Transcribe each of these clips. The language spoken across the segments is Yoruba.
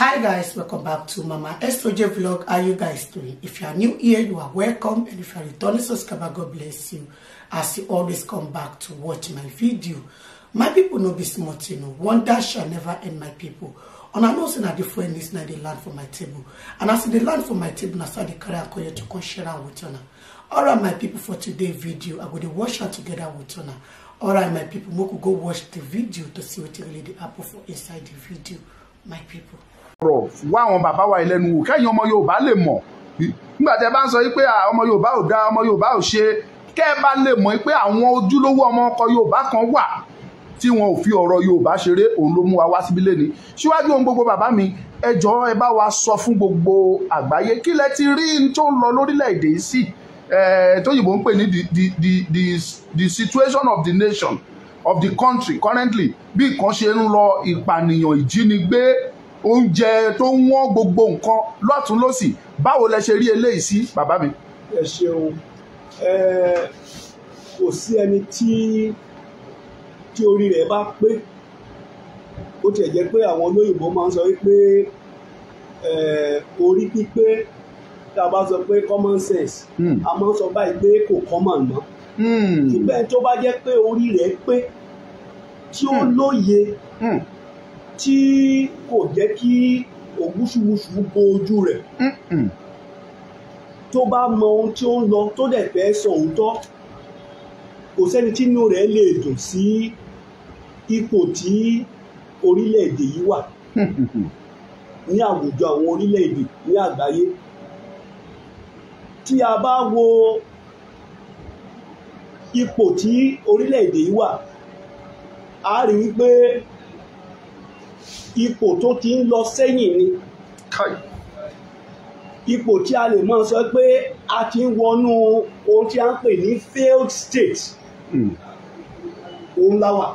hi guys welcome back to mama soj vlog how you guys doing if you are new here you are welcome and if you are returning subscriber god bless you as you always come back to watch my video my people know be small you know wonder shall never end my people and i know say na different news na dey land for my table and as e dey land for my table na so carry am come to come share am with una all right my people for today's video i go dey watch am together with una all right my people make we go watch the video to see wetin really dey happen for inside the video my people ọ̀rọ̀ wá àwọn bàbá wa ìlẹ́nu wò kẹ́yìn ọmọ Yorùbá lè mọ̀ nígbà tẹ́ bá ń sọ pé ọmọ Yorùbá ò dá ọmọ Yorùbá ò ṣe kẹ́ ẹ bá lè mọ̀ pé àwọn ojúlówó ọmọ ọkọ Yorùbá kan wà tí wọn ò fi ọ̀rọ̀ Yorùbá ṣeré òun ló mú wa wá síbí lẹ́ni síwájú ohun gbogbo bàbá mi ẹ jọ̀ọ́ ẹ bá wa sọ fún gbogbo àgbáyé kí lẹ ti rí n tó lọ lórílẹ̀‐èdè sí tóyìnbó ń pè ní the situation of the nation of the country currently bí nǹkan ṣe ń lọ ìpànìyàn ìjínigbé oúnjẹ tó ń wọ́n gbogbo nǹkan lọ́tún lọ́sì báwo lẹ ṣe rí eléyìí sí bàbá mi. ẹ ṣeun kò sí ẹni tí tí orí rẹ̀ bá pé ó tiẹ̀ jẹ́ pé àwọn olóyìnbó máa ń sọ wípé orí pípé tá a bá sọ pé common sense hmm. a máa ń sọ báyìí pé kò common mọ́ hmm. ṣùgbọ́n tó bá jẹ́ pé orí rẹ̀ pé tí ó hmm. lóye tí kò jẹ́ kí ògúsùwùsù bo ojú rẹ̀ tó bá mọ ohun tí ó ń lọ tó dẹ̀ fẹ́ sọ òótọ́ kò sẹ́ni tí inú rẹ̀ lè dùn sí ipò tí orílẹ̀-èdè yìí wà ní àwùjọ àwọn orílẹ̀-èdè ní àgbáyé tí a bá wo ipò tí orílẹ̀-èdè yìí wà a rí wípé ipò tó ti ń lọ sẹ́yìn ni ipò tí a lè máa sọ pé a ti ń wọnú ohun tí a ń pè ní failed state hmm. òun láwà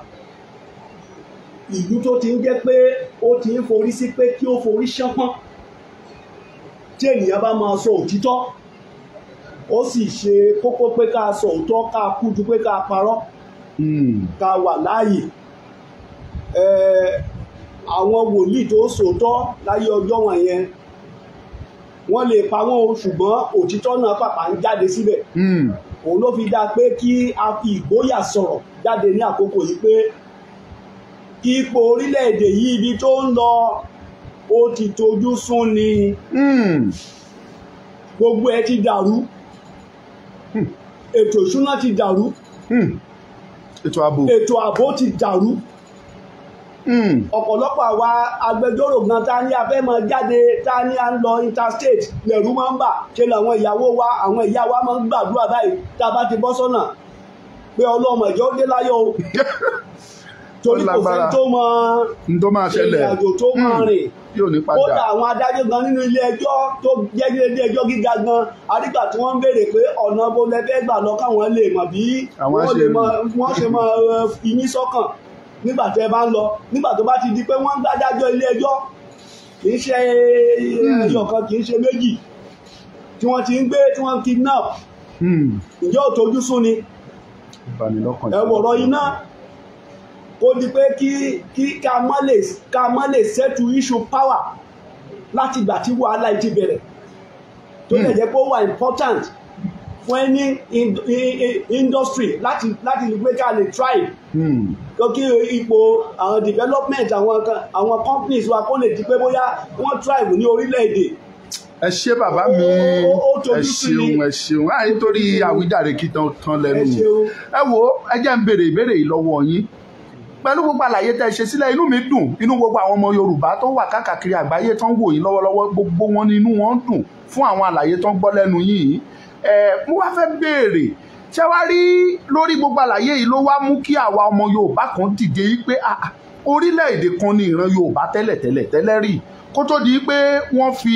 ìlú tó ti ń jẹ́ pé ó ti ń forí sí pé kí ó forí ṣánpọ́n tí ènìyàn bá máa sọ òtítọ́ ó sì ṣe kókó pé ká sọ òótọ́ ká kú ju pé ká parọ́ hmm. ká wà láàyè àwọn wòlíì tó sòótọ́ láyé ọjọ́ wọn yẹn wọ́n lè pa wọ́n o ṣùgbọ́n òtítọ́ náà pàpà ń jáde síbẹ̀ hmm. òun ló fi dáa pé kí a fi ìgboyà sọ̀rọ̀ jáde ní àkókò yìí pé ipò orílẹ̀-èdè yìí ibi tó ń lọ ó ti tojú sún ni hmm. gbogbo ẹ ti dàrú hmm. ètò ìṣúná ti dàrú ètò ààbò ti dàrú. Hmm. ọ̀pọ̀lọpọ̀ àwa agbẹjọ́rò gan ta ni a fẹ́ máa jáde ta ni a ń lọ interstate lẹ̀rú máa ń bà ṣe làwọn ìyàwó wa àwọn ìyá wa máa ń gbàdúrà báyìí tá a bá ti bọ́ sọ́nà pé ọlọ́mọ ìjọ dé láyọ̀ o torí kò fẹ́ tó mọ ìrìnàjò tó mọ hmm. rìn kódà àwọn adájọ́ gan nínú ilé ẹjọ́ tó jẹ́ ilé ẹjọ́ gíga gan arígbà tí wọ́n ń béèrè pé ọ̀nà bo lẹ gbà lọ káwọn lè mọ̀ bí wọ́n ṣe mọ iyín sọ́kàn nígbà tẹ́ bá ń lọ nígbà tó bá ti di pé wọ́n ń gbádájọ́ ilé ẹjọ́ kì í ṣe hmm. ẹyọkan kì í ṣe méjì tí wọ́n ti ń gbé tí wọ́n kidnap hmm. ǹjẹ́ ò tójú sún ni ẹ̀wọ̀rọ̀ iná kó di pé kí kí ká mọ́ lè ká mọ́ lè ṣètò issue power láti ìgbà tí wàhálà yìí bẹ̀rẹ̀ tó lè hmm. jẹ́ pé ó wà important fún ẹni industry láti láti lè gbé ká lè try. Mm lọ kí ipò àwọn development àwọn àwọn companies wa kó lè di pé bóyá wọ́n thrive ní orílẹ̀-èdè ẹ ṣe bàbá mi ẹ ṣeun ẹ ṣeun àyè torí àwíjàre kí tán tán lẹ́nu ẹ wo ẹ jẹ́ ń béèrè ìbéèrè yìí lọ́wọ́ yín pẹ̀lú gbogbo àlàyé tẹ́ ṣe sílẹ̀ inú mi dùn inú gbogbo àwọn ọmọ yorùbá tó wà káàkiri àgbáyé tán wò yín lọ́wọ́lọ́wọ́ gbogbo wọn ni inú wọn dùn fún àwọn àlàyé tán gbọ́ lẹ́nu yín mo wá fẹ́ béèrè ṣé wá rí lórí gbogbo àlàyé yìí ló wá mú kí àwa ọmọ Yorùbá kan dìde yìí pé ah, ah, orílẹ̀-èdè kan ní ìran Yorùbá tẹ́lẹ̀tẹ́lẹ̀ tẹ́lẹ̀ rí kó tó di pé wọ́n fi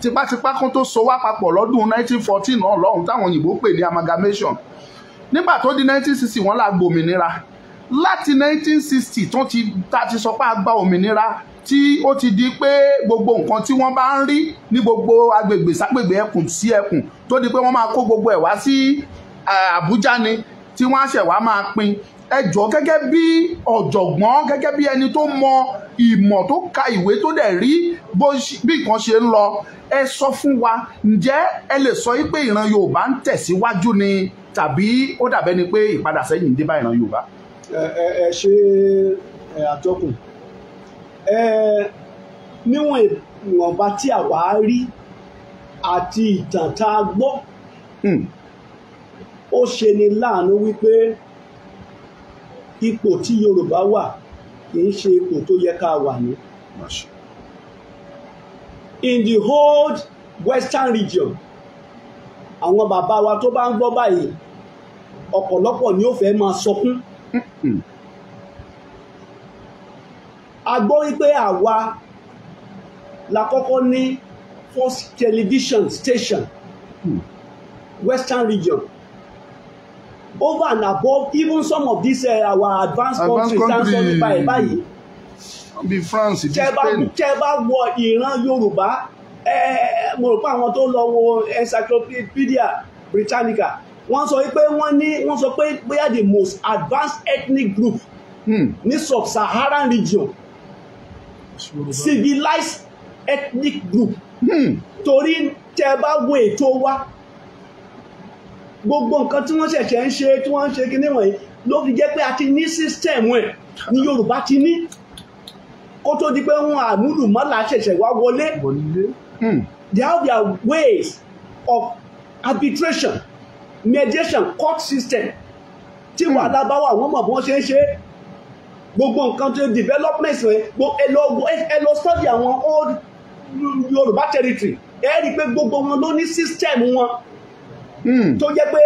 tipátipá kan tó so wá papọ̀ lọ́dún 1914 náà lọ́hùn táwọn òyìnbó pè ní amalgamation nígbà tó di 1960 wọ́n la gbòmìnira láti 1960 tó ti ta ti sọ pé a gba òmìnira tí ó ti di pé gbogbo nǹkan tí wọ́n bá ń rí ní gbogbo agbègbè ságbègbè ẹkùn sí ẹkùn tó di pé wọ́n máa kó gbogbo ẹ̀ wá sí Àbújá ni tí wọ́n á ṣẹ̀ wá máa pín ẹjọ́ gẹ́gẹ́ bí ọ̀jọ̀gbọ́n gẹ́gẹ́ bí ẹni tó mọ ìmọ̀ tó ka ìwé tó dẹ̀ rí bí nǹkan ṣe ń lọ ẹ sọ fún wa ǹjẹ́ ẹ lè sọ pé ìran Yorùbá ń tẹ̀síwájú ni tàbí ó dàbẹ́ ni pé ìpadàsẹ́yìn dé bá ìran Yorùbá. ẹ ẹ ṣe àjọkùn níwọ̀n ìwọ̀nba tí àwa rí àti ìtàn tá a gbọ́ hmm. ó ṣe ni láàánú wípé ipò tí Yorùbá wà kì í ṣe ipò tó yẹ ká wà ní. in the old western region àwọn bàbá wa tó bá ń gbọ́ báyìí ọ̀pọ̀lọpọ̀ ni ó fẹ́ máa sọkún. Hmm a gbọ́ wípé àwa la kọ́kọ́ ní first television station hmm, western region over and above even some of these uh, our advanced, advanced countries tá ń sọ nípa ẹ̀ France bí Spain. tẹ́ bá wọ ìran Yorùbá eh, mo rò pé àwọn tó lọ wo encyclopedia Britannica wọ́n sọ pé wọ́n ní wọ́n sọ pé bóyá the most advanced ethnic group hmm. ní sub-Saharan region civilized ethnic group hmm. torí tẹ bá wo ètò wa gbogbo nǹkan tí wọ́n ṣẹ̀ṣẹ̀ ń ṣe tí wọ́n ń ṣe kíní wọ̀nyí ló fi jẹ́ pé a ti ní system ẹ̀ ní Yorùbá ti ní kó tó di pé wọn àmúlùmọ́là ṣẹ̀ṣẹ̀ wá wọlé hmm. they have their ways of arbitration mediation court system tí hmm. wàhálà bá wà wọ́n mọ̀ bí wọ́n ṣe ń ṣe gbogbo nǹkan tó development rẹ ẹ lọ study àwọn old yorùbá territory ẹ rí i pé gbogbo wọn ló ní system wọn hmm. tó jẹ́ pé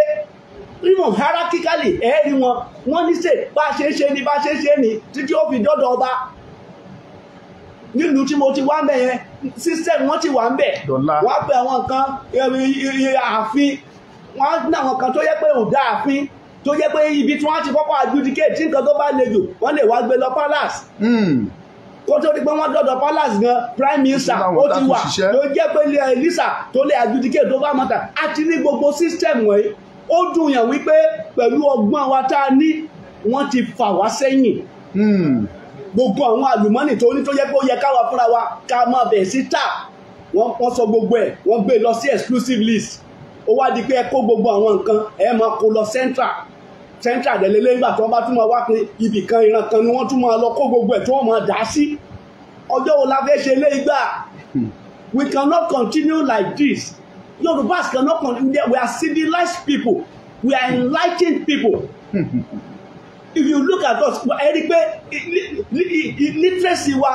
even hierarchically ẹ rí wọn wọ́n ní ṣe bá a ṣe é ṣe ni bá a ṣe é ṣe ni títí ó fi dọ́dọ̀ ọba nílùú tí mo ti wá mẹ́ yẹn system wọ́n ti wà ń bẹ̀ wọ́n á pè àwọn kan ààfin wọ́n á ní àwọn kan tó yẹ pé ò dá ààfin tó jẹ́ pé ibi tí wọ́n ti kọ́kọ́ adjudicate tí nǹkan tó bá le jù wọ́n lè wá gbé lọ palace hmm. kó tó di pé wọ́n dọ̀dọ̀ palace gan prime minister ó ti wà ló jẹ́ pé elisa tó lè adjudicate tó bá mọ̀ta àti ní gbogbo system wọ̀nyí ó dùn yàn wípé pẹ̀lú ọgbọ́n wa tá a ní wọ́n ti fà wá sẹ́yìn hmm. gbogbo àwọn àlùmọ́nì tó ní tó yẹ pé ó yẹ káwa fúnra wa ká máa bẹ̀ sí tà wọ́n sọ gbogbo ẹ̀ wọ́n gbé lọ sí exclusive list ó wá di pé ẹ kó gbogbo àwọn nǹkan ẹ máa kó lọ central central dẹ̀ lélẹ́ tí wọ́n bá tún máa wá pé ibì kan ìran kan ni wọ́n tún máa lọ kó gbogbo ẹ̀ tí wọ́n máa dá sí ọjọ́ wo la fẹ́ ṣe lé igbá hmm. we cannot continue like this Yorùbás cannot continue we are civilized people we are enlightened people hmm. if you look at us ẹ rí i pé literacy wa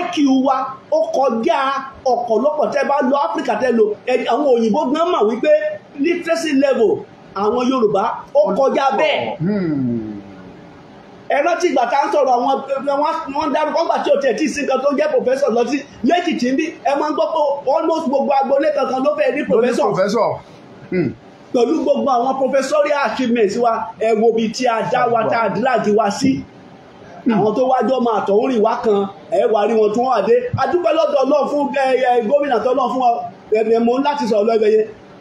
IQ wa ó kọjá ọ̀pọ̀lọpọ̀ tẹ́ bá lọ Áfíríkà tẹ́ lọ àwọn òyìnbó gan mọ̀ wípé literacy level àwọn Yorùbá ó kọjá bẹ́ẹ̀ hmm. ẹ rántí ìgbà tá à ń sọ̀rọ̀ àwọn wọ́n dárúkọ ńgbà tí o tẹ̀ tí ìsìnkan tó ń jẹ́ pòfẹ́sọ̀ lọ sí lẹ́kìtì ń bí ẹ máa ń gbọ́ pé almost gbogbo agboolé kankan ló fẹ́ ní pòfẹ́sọ̀ hmm. pẹ̀lú gbogbo àwọn professorial achievements wa ẹ wo ibi tí a dá wa tá a drag wa sí hmm. àwọn tó wájọ́ máa tọ̀ ń rìn wá kan ẹ wà rí wọn tí wọ́n wà dé adúpẹ́ lọ́dọ̀ Ọlọ́run fún gómìnà tó lọ́ fún ọ ẹ̀mí ń láti sọ̀rọ̀ lọ́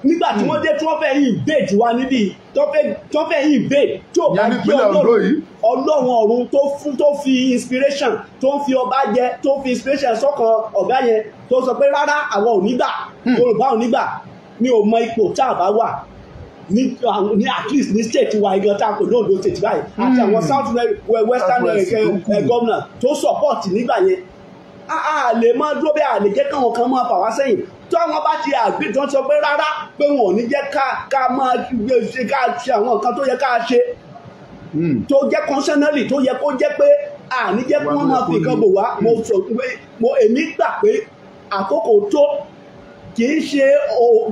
nígbà tí wọ́n dé tí wọ́n fẹ́ yìn bẹ́ẹ̀ tí wá níbi tí wọ́n fẹ́ yìn bẹ́ẹ̀ tí ò bá jẹ́ ọlọ́run ọlọ́run ọ̀run tó fún tó fi inspiration tó ń fi ọba jẹ tó fi inspiration sọ́kan ọ̀gá yẹn tó sọ pé rárá àwọn onígbà hmm. yorùbá onígbà mi ò mọ ipò tá a bá wà ní ní at least ní state wa igan tá a kò lóòdó state báyìí àti hmm. àwọn south western eh, governor tó support nígbà yẹn a lè máa dúró bẹ́ẹ̀ a lè jẹ́ káwọn kan máa fà wá sẹ́yìn táwọn bá ti àgbẹ̀ sọ pé rárá pé wọn ò ní jẹ́ ká máa ṣe ká ṣe àwọn nǹkan tó yẹ ká ṣe hmm. tó jẹ́ kọ́nsẹ́nẹ́lì tó yẹ kó jẹ́ pé àní jẹ́ kí wọ́n máa fi nǹkan bò wá hmm. mo sọ pé mo èmi gbà pé àkókò tó kì í ṣe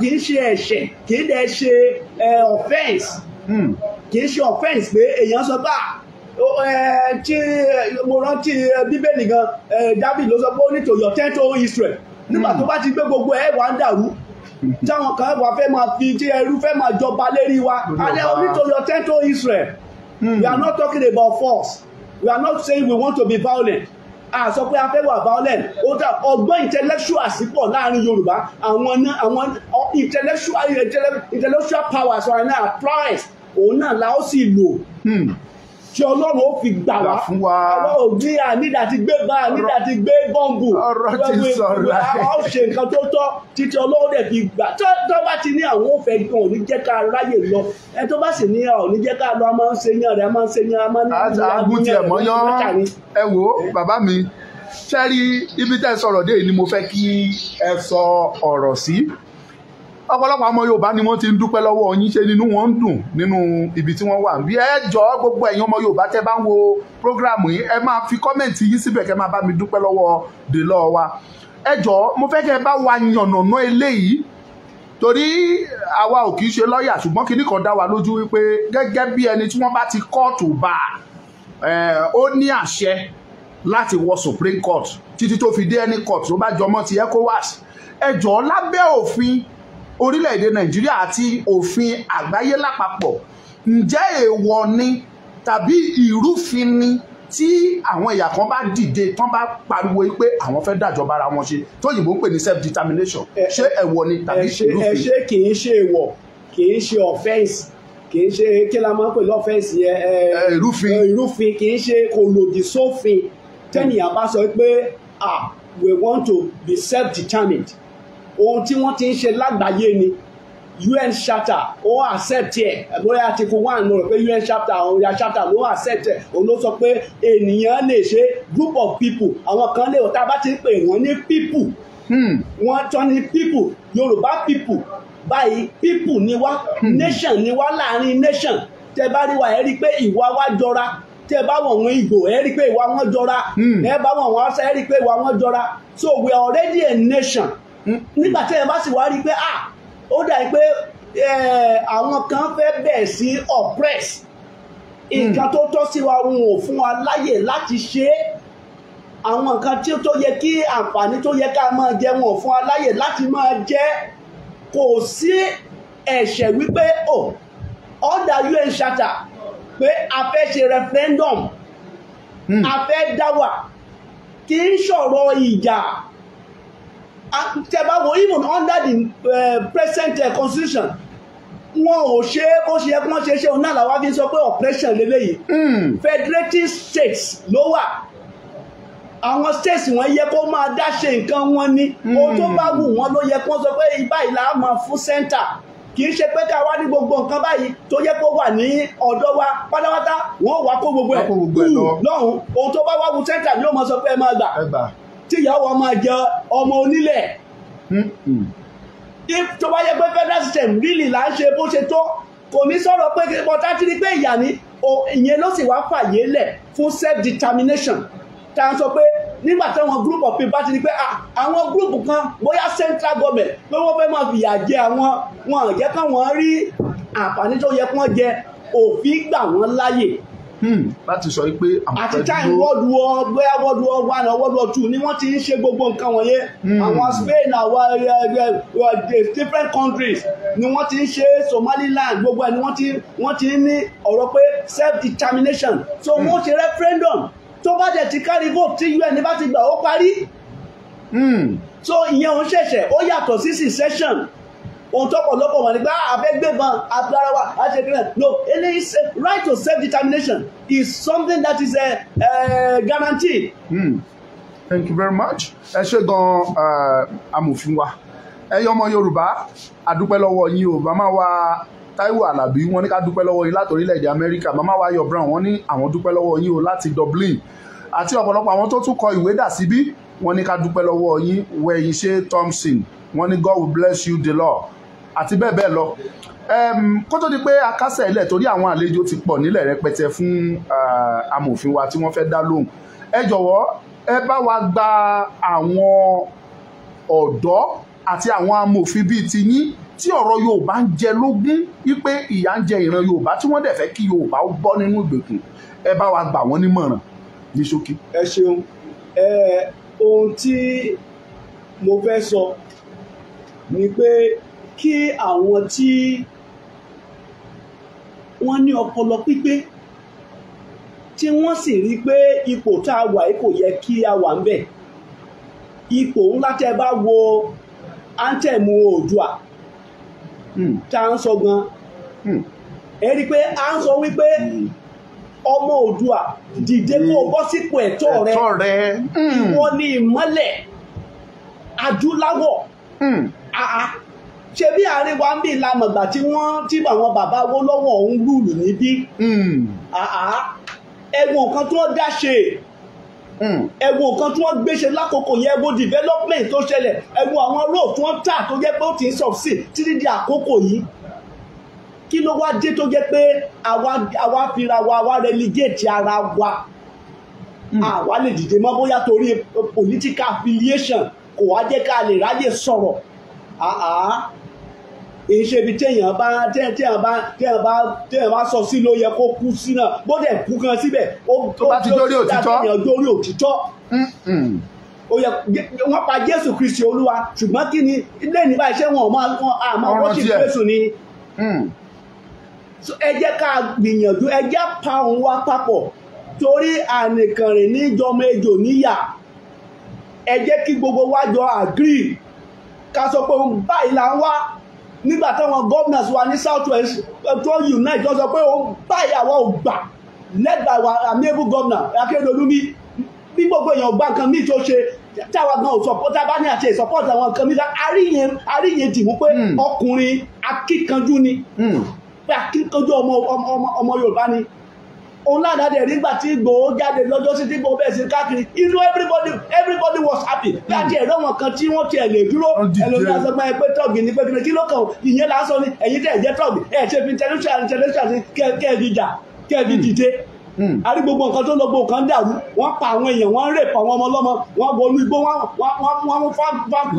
kì í ṣe ẹ̀ṣẹ̀ kì í dẹ̀ ṣe offence hmm. kì í ṣe offence pé èèyàn sọ bá tí mo rántí bíbélì gan David ló sọ pé ó ní to your Israel nígbà tó bá ti gbé gbogbo ẹ̀ wà ń dàrú táwọn kan wà fẹ́ máa fi jẹ́ ẹrú fẹ́ máa jọba lérí wa alẹ́ onítorí ọtẹ́ tó Israel we are not talking about force we are not saying we want to be violent a sọ pé a fẹ́ wà violent ó dà ọgbọ́n intellectual sípò láàrin Yorùbá àwọn àwọn intellectual intellectual powers are now price, òun náà la ó sì lò. Hmm tí ọlọ́run ó fi gbà wá fún wa àwọn òbí ànídà ti gbé bá ànídà ti gbé bọ́ǹbù ọ̀rọ̀ ti sọ̀rọ̀ ẹ̀ àwọn ṣe nǹkan tó tọ́ títí ọlọ́run dẹ̀ fi gbà tó bá ti ní àwọn òfẹ́ gan òní jẹ́ ká ráyè lọ ẹ tó bá sì ní òní jẹ́ ká lọ a máa ń ṣe yan rẹ̀ a máa ń ṣe yan a máa ń ní ìlú agún tiẹ̀ mọ́ yán ẹ wo bàbá mi ṣẹ́rí ibi tẹ́ sọ̀rọ̀ dé ni mo fẹ́ kí ẹ sọ ọ̀rọ̀ sí ọ̀pọ̀lọpọ̀ àwọn Yorùbá ni wọ́n ti ń dúpẹ́ lọ́wọ́ yín ṣe nínú wọn ń dùn nínú ibi tí wọ́n wà bí ẹ jọ gbogbo ẹ̀yin ọmọ Yorùbá tẹ́ bá ń wo prógráàmù yìí ẹ máa fi kọ́mẹ̀ntì yín síbẹ̀ kẹ́ máa bá mi dúpẹ́ lọ́wọ́ dè lọ́ọ́ wa ẹ jọ mo fẹ́ kẹ́ bá wa yànnàná eléyìí torí àwa ò kì í ṣe lọ́ọ̀yà ṣùgbọ́n kinní kan dá wa lójú wípé gẹ́gẹ́ bí ẹni tí wọ́n bá ti kóòtù bá ó ní àṣẹ láti wọ Supreme Court títí tó fi dé any court tó bá jọmọ́ ti ECOWAS ẹ jọ lábẹ́ òfin orílẹ̀-èdè nàìjíríà àti òfin àgbáyé lápapọ̀ ǹjẹ́ èèwọ̀ ni tàbí ìrúfin ni tí àwọn ẹ̀yà kan bá dìde tán bá pariwo pé àwọn fẹ́ dájọba ara wọn ṣe tóyìnbó ń pè ní self determination ṣé èèwọ̀ ni tàbí ìrúfin. ẹ ṣe kì í ṣe èèwọ̀ kì í ṣe ọ̀fẹ́ǹsì kì í ṣe kí la máa ń pè lọ́fẹ̀ẹ́sì ẹ ìrúfin ìrúfin kì í ṣe kò lòdì sófin tẹ́nìyàn bá sọ pé ah we want to be self-determined ohun tí wọ́n ti ń ṣe lágbàáyé ni UN charter ó accept ẹ̀ lórí article one mo rò pé UN charter àwọn ya charter ló accept ẹ̀ òun ló sọ pé ènìyàn lè ṣe group of people àwọn kan lè wọ́n tá a bá ti ń pè wọ́n ní people hmm. wọ́n tán ní people Yorùbá people báyìí people ni wá hmm. nation ni wá láàrin nation tẹ bá rí wa ẹ rí i pé ìwà wa jọra tí bá wọ̀ wọn Ìgbò ẹ rí i pé ìwà wọn jọra hmm. ẹ bá wọ̀ wọn Haúsá ẹ rí i pé ìwà wọn jọra so we are already a nation nígbà tí ẹ bá sì wá rí i pé ah ó dà pé àwọn kan fẹ́ bẹ̀ẹ̀ sí oppress nǹkan hmm. tó tọ́ sí wa wọn ò fún wa láyè láti ṣe é àwọn nǹkan tí tó yẹ kí àǹfààní tó yẹ ká máa jẹ wọn ò fún wa láyè láti máa jẹ kò sí ẹ̀ṣẹ̀ wípé ò ọ̀dà un charter pé a fẹ́ ṣe referendum hmm. a fẹ́ dáwà kì í ṣọ̀rọ̀ ìjà tẹ́bá even under the uh, present uh, constitution wọn ò ṣe é bó ṣe yẹ kí wọ́n ṣe ṣe òun náà làwọn fi sọ pé oppression lélẹ́yìí hmm. federative states ló wà àwọn states wọn yẹ kó máa dá ṣe nǹkan wọn ni hmm. ohun tó bá wù wọn ló yẹ kó sọ pé báyìí là máa fún center kì í ṣe pé ká wá ní gbogbo nǹkan báyìí tó yẹ kó wà ní ọ̀dọ̀ wa pátápátá wọn ò wá kó gbogbo ẹ̀ hmm. lọ́hùn-ún ohun tó bá wá wù center ni ó máa sọ pé ẹ máa gbà tí ìyàwó ọmọ jẹ ọmọ onílẹ̀ hmm? hmm. tó bá yẹ pé federal system really là ń ṣe bó ṣe tó kò ní sọ̀rọ̀ pé bọ́tá ti rí pé ìyà ni ìyẹn ló sì wá fàyè lẹ̀ fún self determination tá a sọ pé nígbà táwọn group of people bá ti di pé ah, àwọn group kan bóyá central government pé wọ́n fẹ́ máa fìyà jẹ àwọn wọn jẹ́ káwọn rí àǹfààní tó yẹ kí wọ́n jẹ òfin gbà wọ́n láyè Hmm. láti sọ pé àwọn àti time world war bóyá world war one or world war two ni wọ́n ti ń ṣe gbogbo nǹkan wọ̀nyẹn hmm. àwọn Spain àwọn eh, eh, eh, different countries ni wọ́n ti ń ṣe Somaliland gbogbo ẹ̀ ni wọ́n ti wọ́n ti ní ọ̀rọ̀ pé self determination so hmm. wọ́n ṣe referendum tó bá jẹ́ ti kárí vote tí UN bá ti gbà ó parí so ìyẹn òun ṣẹ̀ṣẹ̀ ó yàtọ̀ sí secession ohun tọ́pọ̀ lọ́pọ̀ wọn ni pé abẹ́gbẹ́bọn ah, abúlárawà àṣekínà no eléyìí right to self determination is something that is a, eh, a eh, guarantee. Mm. thank you very much ẹ ṣe gan-an eh, amòfin wa ẹ yọ ọmọ yorùbá àdúpẹ́ lọ́wọ́ yín o màmá wa taiwo alabi wọ́n ní ká dúpẹ́ lọ́wọ́ yín láti orílẹ̀-èdè amẹ́ríkà màmá wa ayọ̀ brown wọ́n ní àwọn dúpẹ́ lọ́wọ́ yín o láti dublin àti ọ̀pọ̀lọpọ̀ àwọn tó tún kọ ìwé dà síbí wọ́n ní ká dúpẹ́ lọ́wọ́ yín wẹ̀yìn ṣe thompson wọ́n ní god will bless you the lord àti bẹ́ẹ̀ bẹ́ẹ̀ lọ kó tó di pé akásẹ̀ ilẹ̀ torí àwọn àlejò ti pọ̀ nílẹ̀ rẹpẹtẹ fún eh, amòfin wa tí wọ́n fẹ́ dá lóhùn ẹ jọ̀wọ́ ẹ bá wa gba àwọn ọ̀dọ́ àti àwọn amòfin bíi ti yín tí ọ̀rọ̀ Yorùbá ń jẹ lógún wípé ìyà ń jẹ ìran Yorùbá tí wọ́n dẹ̀ fẹ́ kí Yorùbá ó bọ́ nínú ìgbèkùn ẹ bá wa gbà wọ́n nímọ̀ràn ní ṣókí. ẹ ṣeun ohun tí mo fẹ́ sọ ni pé kí àwọn tí wọ́n ní ọpọlọ pípé tí wọ́n sì rí pé ipò tá a wà kò yẹ kí a wà ń bẹ̀ ipò ńlá tẹ́ bá wo áńtẹ̀mù oòdùà hmm. tá à ń sọ gan hmm. ẹ rí i pé à ń sọ wípé ọmọ oòdùà dìde kó o bọ́ sípò ẹ̀tọ́ rẹ ìwọ ni ìmọ́lẹ̀ adúláwọ̀ hmm ṣe bí àárín wa ń bí ìlàmọ̀gbà tí wọ́n tí àwọn bàbá wó lọ́wọ́ òun rúùlù níbí hmm. ẹ̀wọ̀n kan tí wọ́n dá ṣe hmm. ẹ̀wọ̀n kan tí wọ́n gbé ṣe lákòókò yẹn ẹ̀wọ̀n development tó ṣẹlẹ̀ ẹ̀wọ̀n àwọn road tí wọ́n tà tó jẹ́ pé ó ti ń sọ̀fsì títí di àkókò yìí kí ló wá dé tó jẹ́ pé àwa fira wa àwa relegate ara wa hmm. àwa lè dìde mọ́ bóyá torí political affiliation kò wá jẹ́ ká lè ráyè sọ̀rọ̀ èyí ṣe ibi téèyàn bá téèyàn bá téèyàn bá téèyàn bá sọ sí ló yẹ kó kú sí náà bó dẹ̀ kú kan síbẹ̀ ó ti dórí òtítọ́ téèyàn dórí òtítọ́ ó yẹ wọ́n pa Jésù Kristi Olúwa ṣùgbọ́n kí ni ilé ìníbà iṣẹ́ wọn ò máa wọn àmọ́ wọ́n ti Jésù ni mm. ẹ jẹ́ ká gbìyànjú ẹ jẹ́ pa òun wá papọ̀ torí ànìkànrìn níjọmọ ejò níyà ẹ jẹ́ kí gbogbo wa jọ àgírí ká sọ pé báyìí là ń wá nígbà táwọn governors wa ní south west eh, tó unite tó sọ pé ó báyàwó ògbà led by wa amiable governor akérèdọ́lù bí bí gbogbo èèyàn gbá nǹkan míì tó ṣe táwa gan ò support tá a bá ní àṣẹ support àwọn nǹkan míì àríyìn àríyìn dìbò pé hmm. ọkùnrin akíkanjú ni hmm. pé akíkanjú ọmọ ọmọ Yorùbá ni òun náà dáadé nígbà tí Ìgbòho jáde lọ́jọ́ sí tí Ìgbòho bẹ̀rẹ̀ sí káàkiri inú everybody everybody was happy láti ẹ̀rọ wọn kan tí wọ́n tiẹ̀ lè dúró ẹlòmíràn sọgbọ́n ẹ pé tọ́ọ̀gì ní pẹ́kínlẹ̀ kí ló kàn ìyẹn là ń sọ ní ẹ̀yìn tẹ̀ jẹ́ tọ́ọ̀gì ẹ̀ ṣe fi international international kẹ́ẹ̀kì jà kẹ́ẹ̀kì dìde Hmm. a rí gbogbo nǹkan tó lọ gbogbo nǹkan dàrú wọ́n pa àwọn èèyàn wọ́n rèpà àwọn ọmọ ọlọ́mọ wọ́n wọnú igbó wọ́n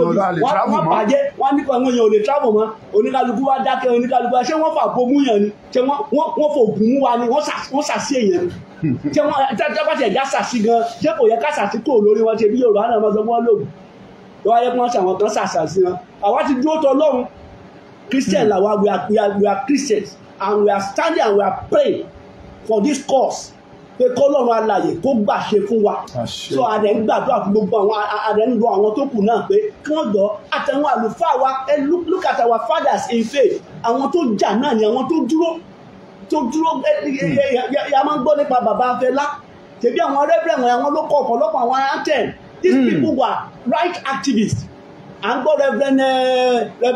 wọ́n bàjẹ́ wọ́n nípa àwọn èèyàn ò lè travel mọ́ oníkálukú wá dákẹ́ oníkálukú wá ṣé wọ́n fà bomú yàn ni ṣé wọ́n fò gùn wa ni wọ́n sàṣì èèyàn ni hmm. ṣé wọ́n tábàtì ẹ̀já sàṣì gan ṣé kò yẹ ká sàṣì kò lórí wọn ṣe bí Yorùbá náà máa sọ wọ́n lògùn tó wáyé kí wọ́n ṣàwọn kan sàṣàṣì wọn àwa ti dúró tọ́ lọ́run Christian hmm. làwa we are Christians and we are standing and we are praying for this course pé kọ́lọ́run alàyè kó gbàṣe fún wa so àdẹ̀ ń gbàdúrà fún gbogbo àwọn àdẹ̀ ń lo àwọn tó kù náà pé kí wọ́n gbọ́ àtàwọn àlùfáà wa ẹ look at our fathers in faith àwọn tó jà náà ni àwọn tó dúró tó dúró ya máa ń gbọ́ nípa bàbá Fẹlá tẹ̀bí àwọn rẹ́bẹ̀rẹ̀ àwọn ló kọ́ ọ̀pọ̀lọpọ̀ àwọn anthem these hmm. people were right activists à ń gbọ́ rẹ́bẹ́rẹ́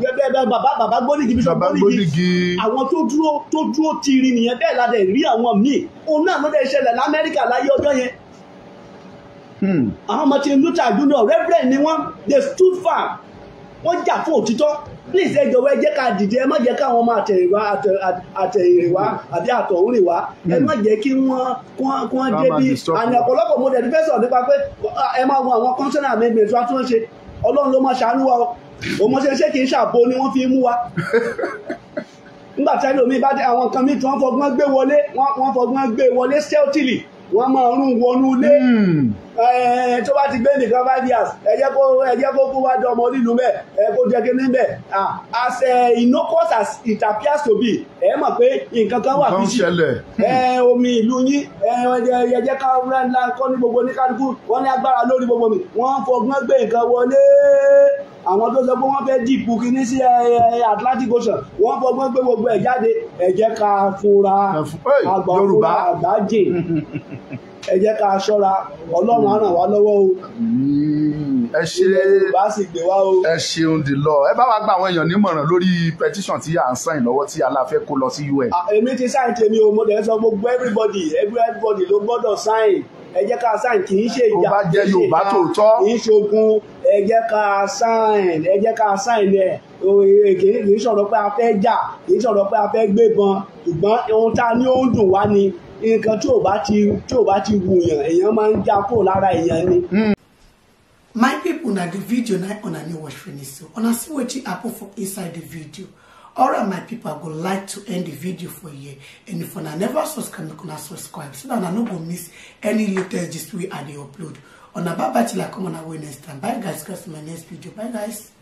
rẹ́bẹ́rẹ́ bàbá bàbá gbódìgì bísọ̀ gbódìgì àwọn tó dúró tó dúró tiri nìyẹn bẹ́ẹ̀ la dẹ̀ rí àwọn míì òun náà ló dẹ̀ ṣẹlẹ̀ lamẹ́ríkà láyé ọjọ́ yẹn hmm. àwọn ọmọ tí luther junior rẹ́bẹ́rẹ́ ni wọ́n they stood firm wọ́n jà fún òtítọ́ please ẹ jọ̀wọ́ ẹ jẹ́ ká dìde ẹ má jẹ́ káwọn ọmọ àtẹ̀yìnwá àtẹ̀yìnwá àbí àtọ̀húnrìnwá ẹ má jẹ́ kí wọ́n kí wọ́n débi àmì ọ̀pọ̀lọpọ̀ mo dẹ̀ fẹ́ sọ̀rọ̀ nípa pé ẹ máa wo àwọn kọ́ńtẹ́nà amendment wa tí wọ́n ṣe ọlọ́run ló máa ṣàánú wa o mo ṣe ṣé kì í ṣàbò ni wọ́n fi mú wa nígbà tí ẹlòmíì bá dé àwọn kan míì tí wọ́n fọgbọ́n gbé wọlé wọ́n fọgbọ́n gbé wọlé stealthily wọ́n máa ń wọnú ilé hmm. tó bá ti gbé nìkan five years ẹ̀jẹ̀ kó ẹ̀jẹ̀ kó kó wá dán ọmọ onílù bẹ́ẹ̀ ẹ̀ kó jẹ́ kí ní bẹ́ẹ̀ as innocuous as it appears to be ẹ̀ mọ̀ pé nǹkan kan wà fíjì omi ìlú yín ẹ̀jẹ̀ ká ńlá kọ́ ní gbogbo oníkálukú wọ́n ní agbára lórí gbogbo mi wọ́n fọgbọ́n gbé nǹkan wọlé àwọn tó sọ pé wọ́n fẹ́ẹ́ dìbò kínní sí Atlantic Ocean wọ́n fọgbọ́n gbé gbogbo ẹ̀ jáde ẹ jẹ́ ká fura agbàfura àgbájè ẹ jẹ́ ká ṣọ́ra ọlọ́run á ràn wá lọ́wọ́ o ẹ ṣe ẹ ṣeun di lọ ẹ bá wa gba àwọn èèyàn nímọ̀ràn lórí petition tí à ń sign lọ́wọ́ tí aláfẹ́ kó lọ sí UN. Ah, èmi ti sign tèmi o mo dẹ̀ sọ gbogbo everybody everybody ló gbọ́dọ̀ sign ẹ ká sáìn kì í ṣe ìjà kì í ṣe ogun ẹ ká sáìn ẹ ká sáìn ẹ̀ kì í sọ̀rọ̀ pé a fẹ́ jà kì í sọ̀rọ̀ pé a fẹ́ gbébọn ṣùgbọ́n ohun tá a ní ó ń dùn wá ni nǹkan tí ò bá ti tí ò bá ti wù èèyàn máa ń já kó lára èèyàn ni. Hmm. my people na the video na una new watch finish so una see wetin happen for inside the video alright my people i would like to end the video for you. and if una never subscribe make una subscribe so that una don't go miss any latest gist wey i dey upload una bye bye till i come on our way next time bye guys guys my next video bye guys